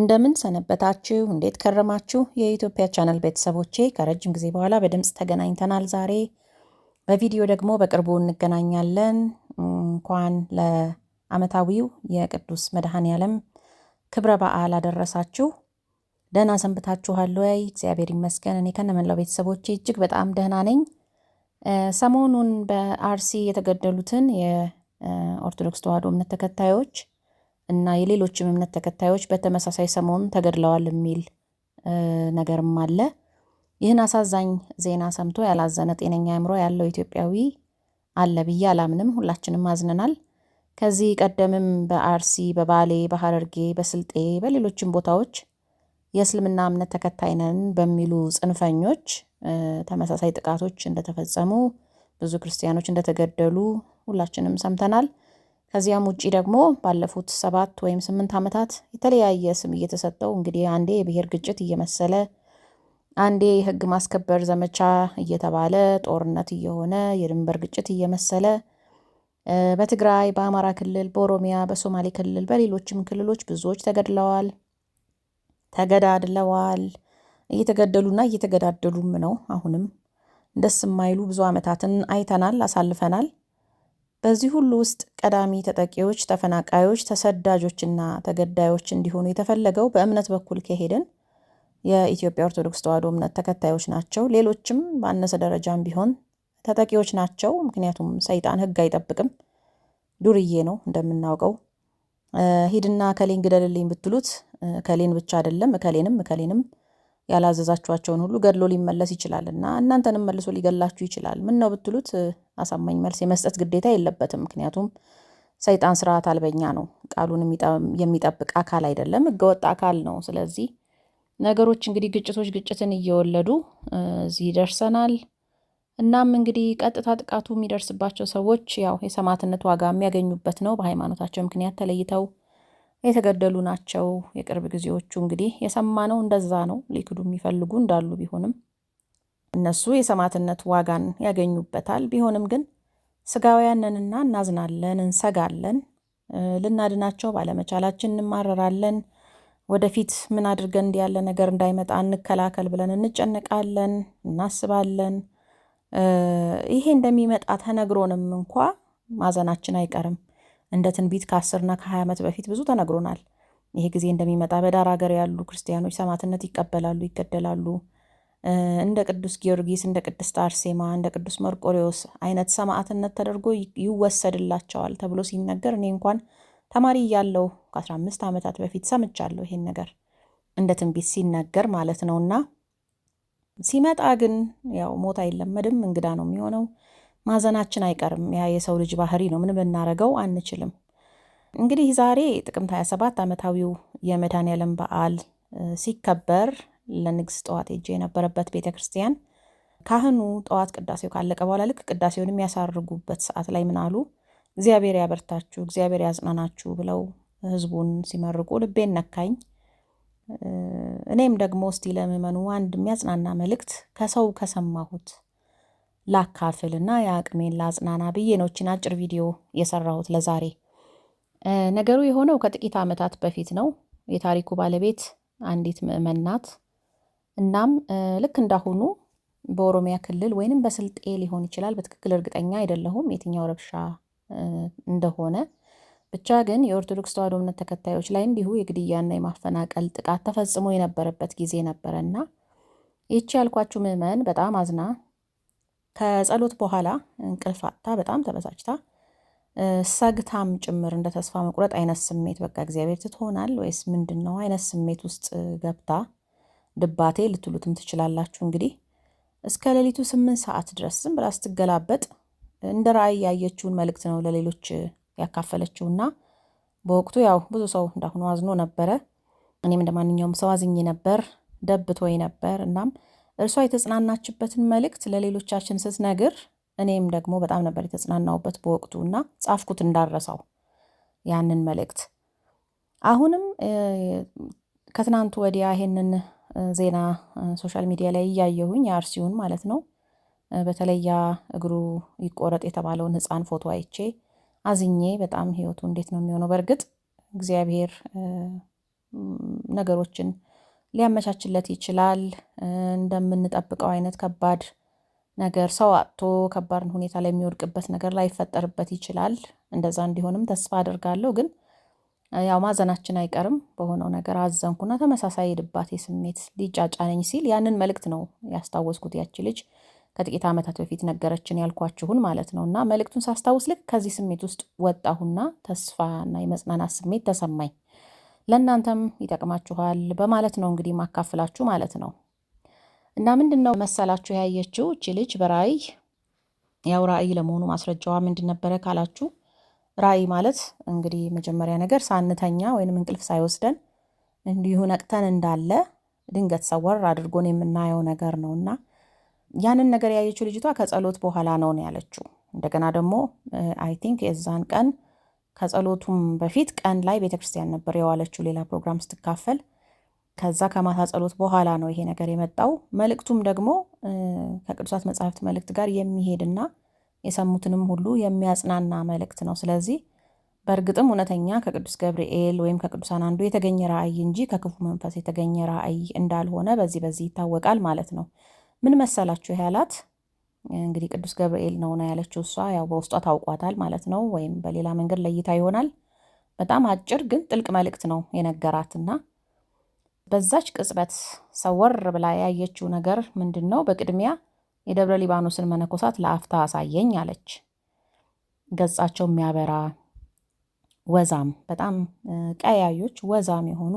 እንደምን ሰነበታችሁ? እንዴት ከረማችሁ? የኢትዮጵያ ቻናል ቤተሰቦቼ ከረጅም ጊዜ በኋላ በድምፅ ተገናኝተናል። ዛሬ በቪዲዮ ደግሞ በቅርቡ እንገናኛለን። እንኳን ለዓመታዊው የቅዱስ መድኃኔ ዓለም ክብረ በዓል አደረሳችሁ። ደህና ሰንብታችኋል ወይ? እግዚአብሔር ይመስገን። እኔ ከነመላው ቤተሰቦቼ እጅግ በጣም ደህና ነኝ። ሰሞኑን በአርሲ የተገደሉትን የኦርቶዶክስ ተዋሕዶ እምነት ተከታዮች እና የሌሎችም እምነት ተከታዮች በተመሳሳይ ሰሞን ተገድለዋል የሚል ነገርም አለ። ይህን አሳዛኝ ዜና ሰምቶ ያላዘነ ጤነኛ አእምሮ ያለው ኢትዮጵያዊ አለ ብዬ አላምንም። ሁላችንም አዝነናል። ከዚህ ቀደምም በአርሲ፣ በባሌ፣ በሐረርጌ፣ በስልጤ በሌሎችም ቦታዎች የእስልምና እምነት ተከታይ ነን በሚሉ ጽንፈኞች ተመሳሳይ ጥቃቶች እንደተፈጸሙ ብዙ ክርስቲያኖች እንደተገደሉ ሁላችንም ሰምተናል። ከዚያም ውጪ ደግሞ ባለፉት ሰባት ወይም ስምንት ዓመታት የተለያየ ስም እየተሰጠው እንግዲህ አንዴ የብሔር ግጭት እየመሰለ አንዴ የህግ ማስከበር ዘመቻ እየተባለ ጦርነት እየሆነ የድንበር ግጭት እየመሰለ በትግራይ፣ በአማራ ክልል፣ በኦሮሚያ፣ በሶማሌ ክልል፣ በሌሎችም ክልሎች ብዙዎች ተገድለዋል፣ ተገዳድለዋል። እየተገደሉና እየተገዳደሉም ነው። አሁንም ደስ የማይሉ ብዙ ዓመታትን አይተናል፣ አሳልፈናል። በዚህ ሁሉ ውስጥ ቀዳሚ ተጠቂዎች ተፈናቃዮች፣ ተሰዳጆችና ተገዳዮች እንዲሆኑ የተፈለገው በእምነት በኩል ከሄድን የኢትዮጵያ ኦርቶዶክስ ተዋሕዶ እምነት ተከታዮች ናቸው። ሌሎችም በአነሰ ደረጃም ቢሆን ተጠቂዎች ናቸው። ምክንያቱም ሰይጣን ሕግ አይጠብቅም፣ ዱርዬ ነው እንደምናውቀው። ሂድና እከሌን ግደልልኝ ብትሉት እከሌን ብቻ አይደለም እከሌንም እከሌንም ያላዘዛችኋቸውን ሁሉ ገድሎ ሊመለስ ይችላል እና እናንተንም መልሶ ሊገላችሁ ይችላል። ምን ነው ብትሉት አሳማኝ መልስ የመስጠት ግዴታ የለበትም። ምክንያቱም ሰይጣን ስርዓት አልበኛ ነው። ቃሉን የሚጠብቅ አካል አይደለም፣ ህገወጥ አካል ነው። ስለዚህ ነገሮች እንግዲህ ግጭቶች ግጭትን እየወለዱ እዚህ ይደርሰናል። እናም እንግዲህ ቀጥታ ጥቃቱ የሚደርስባቸው ሰዎች ያው የሰማዕትነት ዋጋ የሚያገኙበት ነው። በሃይማኖታቸው ምክንያት ተለይተው የተገደሉ ናቸው። የቅርብ ጊዜዎቹ እንግዲህ የሰማነው እንደዛ ነው። ሊክዱ የሚፈልጉ እንዳሉ ቢሆንም እነሱ የሰማዕትነት ዋጋን ያገኙበታል። ቢሆንም ግን ስጋውያንንና እናዝናለን፣ እንሰጋለን፣ ልናድናቸው ባለመቻላችን እንማረራለን። ወደፊት ምን አድርገን እንዲህ ያለ ነገር እንዳይመጣ እንከላከል ብለን እንጨነቃለን፣ እናስባለን። ይሄ እንደሚመጣ ተነግሮንም እንኳ ማዘናችን አይቀርም። እንደ ትንቢት ከአስርና ከሀያ ዓመት በፊት ብዙ ተነግሮናል። ይሄ ጊዜ እንደሚመጣ በዳር ሀገር ያሉ ክርስቲያኖች ሰማዕትነት ይቀበላሉ፣ ይገደላሉ። እንደ ቅዱስ ጊዮርጊስ፣ እንደ ቅድስት አርሴማ፣ እንደ ቅዱስ መርቆሪዎስ አይነት ሰማዕትነት ተደርጎ ይወሰድላቸዋል ተብሎ ሲነገር እኔ እንኳን ተማሪ እያለሁ ከ15 ዓመታት በፊት ሰምቻለሁ ይሄን ነገር እንደ ትንቢት ሲነገር ማለት ነው። እና ሲመጣ ግን ያው ሞት አይለመድም፣ እንግዳ ነው የሚሆነው። ማዘናችን አይቀርም። ያ የሰው ልጅ ባህሪ ነው። ምንም ልናረገው አንችልም። እንግዲህ ዛሬ ጥቅምት 27 ዓመታዊው የመድኃኔዓለም በዓል ሲከበር ለንግስ ጠዋት ሄጄ የነበረበት ቤተ ክርስቲያን ካህኑ ጠዋት ቅዳሴው ካለቀ በኋላ ልክ ቅዳሴውን የሚያሳርጉበት ሰዓት ላይ ምናሉ እግዚአብሔር ያበርታችሁ፣ እግዚአብሔር ያጽናናችሁ ብለው ህዝቡን ሲመርቁ ልቤን ነካኝ። እኔም ደግሞ እስቲ ለምዕመኑ አንድ የሚያጽናና መልእክት ከሰው ከሰማሁት ላካፍልና የአቅሜን ላጽናና ብዬ ነው ችን አጭር ቪዲዮ የሰራሁት ለዛሬ። ነገሩ የሆነው ከጥቂት ዓመታት በፊት ነው። የታሪኩ ባለቤት አንዲት ምዕመን ናት። እናም ልክ እንዳሁኑ በኦሮሚያ ክልል ወይንም በስልጤ ሊሆን ይችላል፣ በትክክል እርግጠኛ አይደለሁም የትኛው ረብሻ እንደሆነ ብቻ ግን የኦርቶዶክስ ተዋሕዶ እምነት ተከታዮች ላይ እንዲሁ የግድያና የማፈናቀል ጥቃት ተፈጽሞ የነበረበት ጊዜ ነበረ እና ይቺ ያልኳችሁ ምዕመን በጣም አዝና ከጸሎት በኋላ እንቅልፍ አጥታ በጣም ተበሳጭታ ሰግታም ጭምር እንደ ተስፋ መቁረጥ አይነት ስሜት በቃ እግዚአብሔር ትትሆናል ወይስ ምንድን ነው አይነት ስሜት ውስጥ ገብታ ድባቴ ልትሉትም ትችላላችሁ። እንግዲህ እስከ ሌሊቱ ስምንት ሰዓት ድረስ ዝም ብላ ስትገላበጥ እንደ ራእይ ያየችውን መልእክት ነው ለሌሎች ያካፈለችውና በወቅቱ ያው ብዙ ሰው እንዳሁኑ አዝኖ ነበረ። እኔም እንደ ማንኛውም ሰው አዝኜ ነበር፣ ደብቶኝ ነበር። እናም እርሷ የተጽናናችበትን መልእክት ለሌሎቻችን ስትነግር እኔም ደግሞ በጣም ነበር የተጽናናውበት በወቅቱ እና ጻፍኩት እንዳረሳው ያንን መልእክት። አሁንም ከትናንቱ ወዲያ ይሄንን ዜና ሶሻል ሚዲያ ላይ እያየሁኝ የአርሲውን ማለት ነው በተለያ እግሩ ይቆረጥ የተባለውን ሕፃን ፎቶ አይቼ አዝኜ በጣም ህይወቱ እንዴት ነው የሚሆነው? በእርግጥ እግዚአብሔር ነገሮችን ሊያመቻችለት ይችላል። እንደምንጠብቀው አይነት ከባድ ነገር ሰው አጥቶ ከባድ ሁኔታ ላይ የሚወድቅበት ነገር ላይፈጠርበት ይችላል። እንደዛ እንዲሆንም ተስፋ አድርጋለሁ ግን ያው ማዘናችን አይቀርም በሆነው ነገር አዘንኩና ተመሳሳይ የድባቴ ስሜት ሊጫጫነኝ ሲል ያንን መልእክት ነው ያስታወስኩት ያቺ ልጅ ከጥቂት ዓመታት በፊት ነገረችን ያልኳችሁን ማለት ነው። እና መልእክቱን ሳስታውስ ልክ ከዚህ ስሜት ውስጥ ወጣሁና ተስፋና የመጽናናት ስሜት ተሰማኝ ለእናንተም ይጠቅማችኋል በማለት ነው እንግዲህ ማካፍላችሁ ማለት ነው። እና ምንድን ነው መሰላችሁ ያየችው እቺ ልጅ በራእይ ያው ራእይ ለመሆኑ ማስረጃዋ ምንድን ነበረ ካላችሁ ራእይ ማለት እንግዲህ መጀመሪያ ነገር ሳንተኛ ወይንም እንቅልፍ ሳይወስደን እንዲሁ ነቅተን እንዳለ ድንገት ሰወር አድርጎን የምናየው ነገር ነው እና ያንን ነገር ያየችው ልጅቷ ከጸሎት በኋላ ነው ነው ያለችው። እንደገና ደግሞ አይ ቲንክ የዛን ቀን ከጸሎቱም በፊት ቀን ላይ ቤተክርስቲያን ነበር የዋለችው ሌላ ፕሮግራም ስትካፈል። ከዛ ከማታ ጸሎት በኋላ ነው ይሄ ነገር የመጣው። መልእክቱም ደግሞ ከቅዱሳት መጽሐፍት መልእክት ጋር የሚሄድና የሰሙትንም ሁሉ የሚያጽናና መልእክት ነው። ስለዚህ በእርግጥም እውነተኛ ከቅዱስ ገብርኤል ወይም ከቅዱሳን አንዱ የተገኘ ራእይ እንጂ ከክፉ መንፈስ የተገኘ ራእይ እንዳልሆነ በዚህ በዚህ ይታወቃል ማለት ነው። ምን መሰላችሁ ያላት እንግዲህ ቅዱስ ገብርኤል ነው ነው ያለችው እሷ ያው በውስጧ ታውቋታል ማለት ነው። ወይም በሌላ መንገድ ለይታ ይሆናል። በጣም አጭር ግን ጥልቅ መልእክት ነው የነገራትና በዛች ቅጽበት ሰወር ብላ ያየችው ነገር ምንድን ነው? በቅድሚያ የደብረ ሊባኖስን መነኮሳት ለአፍታ አሳየኝ አለች። ገጻቸው የሚያበራ ወዛም በጣም ቀያዮች ወዛም የሆኑ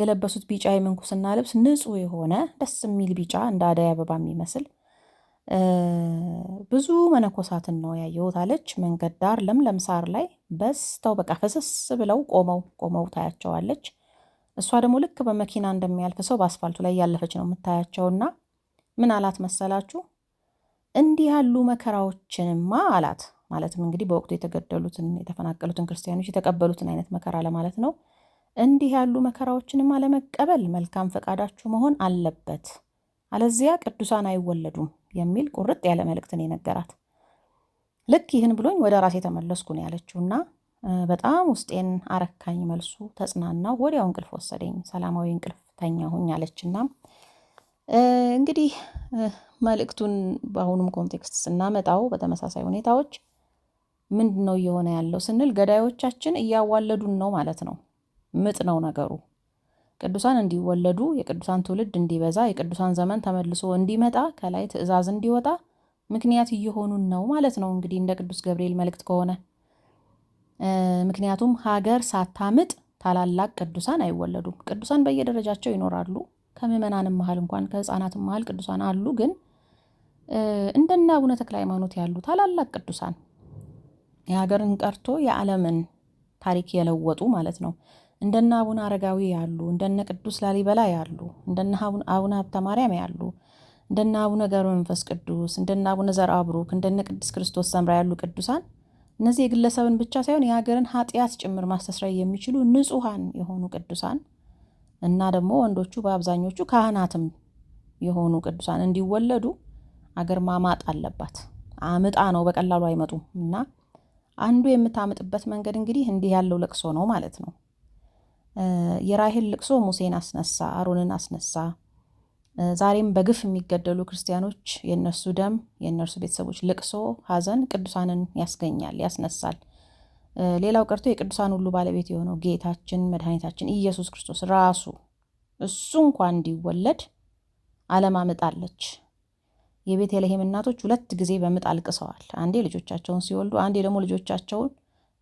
የለበሱት ቢጫ የምንኩስና ልብስ ንጹህ የሆነ ደስ የሚል ቢጫ እንደ አደይ አበባ የሚመስል ብዙ መነኮሳትን ነው ያየሁት አለች። መንገድ ዳር ለምለም ሳር ላይ በስተው በቃ ፈሰስ ብለው ቆመው ቆመው ታያቸዋለች። እሷ ደግሞ ልክ በመኪና እንደሚያልፍ ሰው በአስፋልቱ ላይ ያለፈች ነው የምታያቸውና ምን አላት መሰላችሁ? እንዲህ ያሉ መከራዎችንማ አላት። ማለትም እንግዲህ በወቅቱ የተገደሉትን የተፈናቀሉትን ክርስቲያኖች የተቀበሉትን አይነት መከራ ለማለት ነው። እንዲህ ያሉ መከራዎችንማ ለመቀበል መልካም ፈቃዳችሁ መሆን አለበት፣ አለዚያ ቅዱሳን አይወለዱም የሚል ቁርጥ ያለ መልእክትን የነገራት ልክ ይህን ብሎኝ ወደ ራሴ ተመለስኩ ነው ያለችውና በጣም ውስጤን አረካኝ መልሱ ተጽናናው። ወዲያው እንቅልፍ ወሰደኝ፣ ሰላማዊ እንቅልፍ ተኛሁኝ አለችና እንግዲህ መልእክቱን በአሁኑም ኮንቴክስት ስናመጣው በተመሳሳይ ሁኔታዎች ምንድን ነው እየሆነ ያለው ስንል ገዳዮቻችን እያዋለዱን ነው ማለት ነው። ምጥ ነው ነገሩ። ቅዱሳን እንዲወለዱ የቅዱሳን ትውልድ እንዲበዛ የቅዱሳን ዘመን ተመልሶ እንዲመጣ ከላይ ትእዛዝ እንዲወጣ ምክንያት እየሆኑን ነው ማለት ነው። እንግዲህ እንደ ቅዱስ ገብርኤል መልእክት ከሆነ ምክንያቱም ሀገር ሳታምጥ ታላላቅ ቅዱሳን አይወለዱም። ቅዱሳን በየደረጃቸው ይኖራሉ። ከምዕመናንም መሀል እንኳን ከህፃናትም መሀል ቅዱሳን አሉ። ግን እንደነ አቡነ ተክለ ሃይማኖት ያሉ ታላላቅ ቅዱሳን የሀገርን ቀርቶ የዓለምን ታሪክ የለወጡ ማለት ነው እንደነ አቡነ አረጋዊ ያሉ እንደነ ቅዱስ ላሊበላ ያሉ እንደነ አቡነ ሀብተ ማርያም ያሉ እንደነ አቡነ ገብረ መንፈስ ቅዱስ እንደነ አቡነ ዘር ቡሩክ እንደነ ቅዱስ ክርስቶስ ሰምራ ያሉ ቅዱሳን እነዚህ የግለሰብን ብቻ ሳይሆን የሀገርን ኃጢአት ጭምር ማስተስረይ የሚችሉ ንጹሐን የሆኑ ቅዱሳን እና ደግሞ ወንዶቹ በአብዛኞቹ ካህናትም የሆኑ ቅዱሳን እንዲወለዱ አገር ማማጥ አለባት። አምጣ ነው፣ በቀላሉ አይመጡም። እና አንዱ የምታምጥበት መንገድ እንግዲህ እንዲህ ያለው ለቅሶ ነው ማለት ነው። የራሄል ልቅሶ ሙሴን አስነሳ፣ አሮንን አስነሳ። ዛሬም በግፍ የሚገደሉ ክርስቲያኖች የእነርሱ ደም፣ የእነርሱ ቤተሰቦች ልቅሶ፣ ሐዘን ቅዱሳንን ያስገኛል፣ ያስነሳል። ሌላው ቀርቶ የቅዱሳን ሁሉ ባለቤት የሆነው ጌታችን መድኃኒታችን ኢየሱስ ክርስቶስ ራሱ እሱ እንኳ እንዲወለድ ዓለም አምጣለች። የቤተልሔም እናቶች ሁለት ጊዜ በምጥ አልቅሰዋል። አንዴ ልጆቻቸውን ሲወልዱ፣ አንዴ ደግሞ ልጆቻቸውን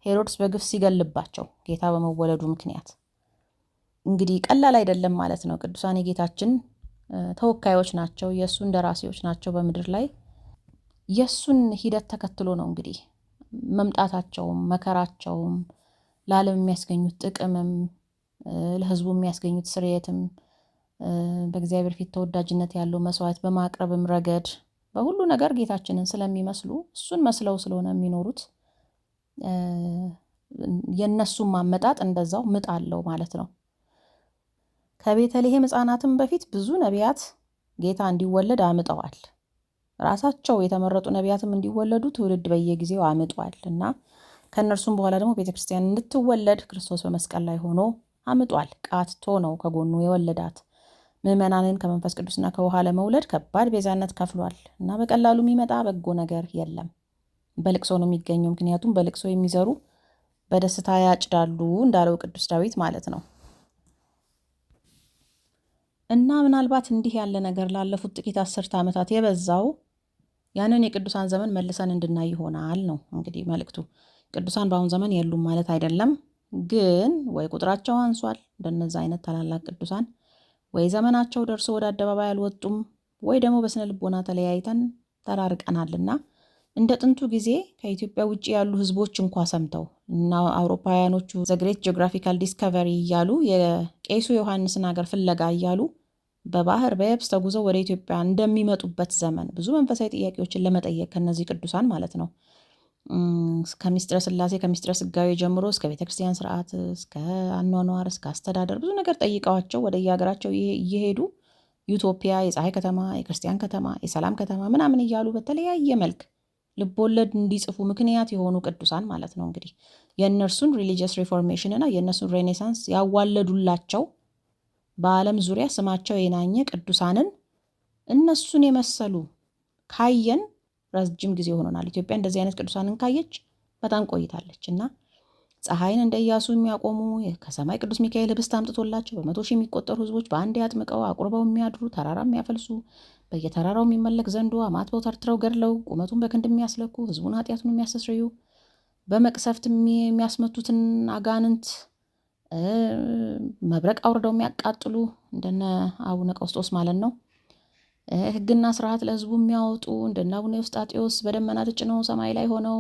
ሄሮድስ በግፍ ሲገልባቸው ጌታ በመወለዱ ምክንያት እንግዲህ ቀላል አይደለም ማለት ነው። ቅዱሳን የጌታችን ተወካዮች ናቸው፣ የእሱ ደራሲዎች ናቸው። በምድር ላይ የእሱን ሂደት ተከትሎ ነው እንግዲህ መምጣታቸውም መከራቸውም ለዓለም የሚያስገኙት ጥቅምም ለሕዝቡ የሚያስገኙት ስርየትም በእግዚአብሔር ፊት ተወዳጅነት ያለው መስዋዕት በማቅረብም ረገድ በሁሉ ነገር ጌታችንን ስለሚመስሉ እሱን መስለው ስለሆነ የሚኖሩት የእነሱም አመጣጥ እንደዛው ምጥ አለው ማለት ነው። ከቤተልሔም ሕፃናትም በፊት ብዙ ነቢያት ጌታ እንዲወለድ አምጠዋል። ራሳቸው የተመረጡ ነቢያትም እንዲወለዱ ትውልድ በየጊዜው አምጧል እና ከእነርሱም በኋላ ደግሞ ቤተ ክርስቲያን እንድትወለድ ክርስቶስ በመስቀል ላይ ሆኖ አምጧል። ቃትቶ ነው ከጎኑ የወለዳት። ምዕመናንን ከመንፈስ ቅዱስና ከውሃ ለመውለድ ከባድ ቤዛነት ከፍሏል እና በቀላሉ የሚመጣ በጎ ነገር የለም። በልቅሶ ነው የሚገኘው። ምክንያቱም በልቅሶ የሚዘሩ በደስታ ያጭዳሉ እንዳለው ቅዱስ ዳዊት ማለት ነው። እና ምናልባት እንዲህ ያለ ነገር ላለፉት ጥቂት አስርተ ዓመታት የበዛው ያንን የቅዱሳን ዘመን መልሰን እንድናይ ይሆናል ነው እንግዲህ መልእክቱ። ቅዱሳን በአሁን ዘመን የሉም ማለት አይደለም፣ ግን ወይ ቁጥራቸው አንሷል እንደነዚ አይነት ታላላቅ ቅዱሳን፣ ወይ ዘመናቸው ደርሶ ወደ አደባባይ አልወጡም፣ ወይ ደግሞ በስነ ልቦና ተለያይተን ተራርቀናልና እንደ ጥንቱ ጊዜ ከኢትዮጵያ ውጭ ያሉ ህዝቦች እንኳ ሰምተው እና አውሮፓውያኖቹ ዘግሬት ጂኦግራፊካል ዲስከቨሪ እያሉ የቄሱ ዮሐንስን ሀገር ፍለጋ እያሉ በባህር በየብስ ተጉዘው ወደ ኢትዮጵያ እንደሚመጡበት ዘመን ብዙ መንፈሳዊ ጥያቄዎችን ለመጠየቅ ከነዚህ ቅዱሳን ማለት ነው ከሚስጥረ ስላሴ ከሚስጥረ ስጋዊ ጀምሮ እስከ ቤተክርስቲያን ስርዓት፣ እስከ አኗኗር፣ እስከ አስተዳደር ብዙ ነገር ጠይቀዋቸው ወደ የሀገራቸው እየሄዱ ዩቶፒያ የፀሐይ ከተማ፣ የክርስቲያን ከተማ፣ የሰላም ከተማ ምናምን እያሉ በተለያየ መልክ ልቦለድ እንዲጽፉ ምክንያት የሆኑ ቅዱሳን ማለት ነው። እንግዲህ የእነርሱን ሪሊጂየስ ሪፎርሜሽን እና የእነርሱን ሬኔሳንስ ያዋለዱላቸው በዓለም ዙሪያ ስማቸው የናኘ ቅዱሳንን እነሱን የመሰሉ ካየን ረጅም ጊዜ ሆኖናል። ኢትዮጵያ እንደዚህ አይነት ቅዱሳንን ካየች በጣም ቆይታለች እና ፀሐይን እንደ ኢያሱ የሚያቆሙ ከሰማይ ቅዱስ ሚካኤል ህብስት አምጥቶላቸው በመቶ ሺህ የሚቆጠሩ ህዝቦች በአንድ ያጥምቀው አቁርበው የሚያድሩ ተራራ የሚያፈልሱ በየተራራው የሚመለክ ዘንዶ አማትበው ተርትረው ገድለው ቁመቱን በክንድ የሚያስለኩ ህዝቡን ኃጢአቱን የሚያስስርዩ በመቅሰፍት የሚያስመቱትን አጋንንት መብረቅ አውርደው የሚያቃጥሉ እንደነ አቡነ ቀውስጦስ ማለት ነው። ሕግና ስርዓት ለህዝቡ የሚያወጡ እንደነ አቡነ ውስጣጤዎስ በደመና ተጭነው ሰማይ ላይ ሆነው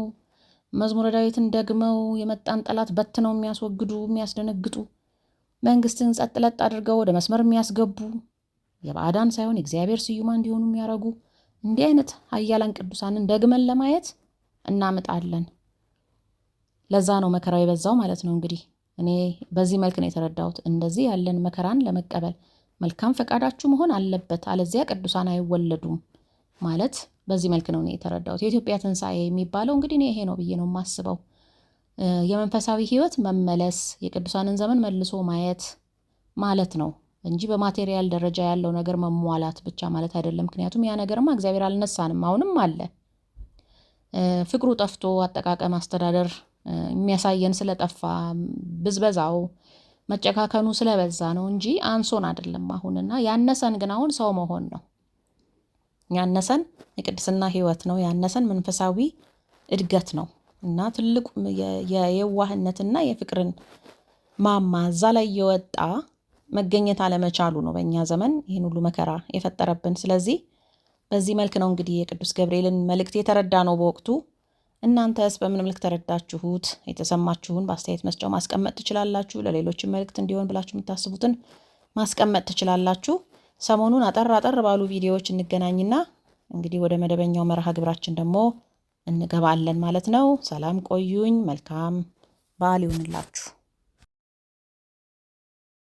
መዝሙረ ዳዊትን ደግመው የመጣን ጠላት በትነው የሚያስወግዱ የሚያስደነግጡ፣ መንግስትን ጸጥለጥ አድርገው ወደ መስመር የሚያስገቡ የባዕዳን ሳይሆን የእግዚአብሔር ስዩማ እንዲሆኑ የሚያደርጉ እንዲህ አይነት ኃያላን ቅዱሳንን ደግመን ለማየት እናምጣለን። ለዛ ነው መከራው የበዛው ማለት ነው እንግዲህ እኔ በዚህ መልክ ነው የተረዳሁት። እንደዚህ ያለን መከራን ለመቀበል መልካም ፈቃዳችሁ መሆን አለበት፣ አለዚያ ቅዱሳን አይወለዱም ማለት በዚህ መልክ ነው የተረዳሁት። የኢትዮጵያ ትንሣኤ የሚባለው እንግዲህ ይሄ ነው ብዬ ነው የማስበው። የመንፈሳዊ ሕይወት መመለስ የቅዱሳንን ዘመን መልሶ ማየት ማለት ነው እንጂ በማቴሪያል ደረጃ ያለው ነገር መሟላት ብቻ ማለት አይደለም። ምክንያቱም ያ ነገርማ እግዚአብሔር አልነሳንም፣ አሁንም አለ። ፍቅሩ ጠፍቶ አጠቃቀም አስተዳደር የሚያሳየን ስለጠፋ ብዝበዛው መጨካከኑ ስለበዛ ነው እንጂ አንሶን አይደለም። አሁንና ያነሰን ግን አሁን ሰው መሆን ነው ያነሰን የቅድስና ህይወት ነው ያነሰን መንፈሳዊ እድገት ነው። እና ትልቁ የየዋህነትና የፍቅርን ማማ እዛ ላይ የወጣ መገኘት አለመቻሉ ነው በእኛ ዘመን ይህን ሁሉ መከራ የፈጠረብን። ስለዚህ በዚህ መልክ ነው እንግዲህ የቅዱስ ገብርኤልን መልእክት የተረዳ ነው በወቅቱ እናንተስ በምን መልክ ተረዳችሁት? የተሰማችሁን በአስተያየት መስጫው ማስቀመጥ ትችላላችሁ። ለሌሎችም መልእክት እንዲሆን ብላችሁ የምታስቡትን ማስቀመጥ ትችላላችሁ። ሰሞኑን አጠር አጠር ባሉ ቪዲዮዎች እንገናኝና እንግዲህ ወደ መደበኛው መርሃ ግብራችን ደግሞ እንገባለን ማለት ነው። ሰላም ቆዩኝ። መልካም በዓል ይሁንላችሁ።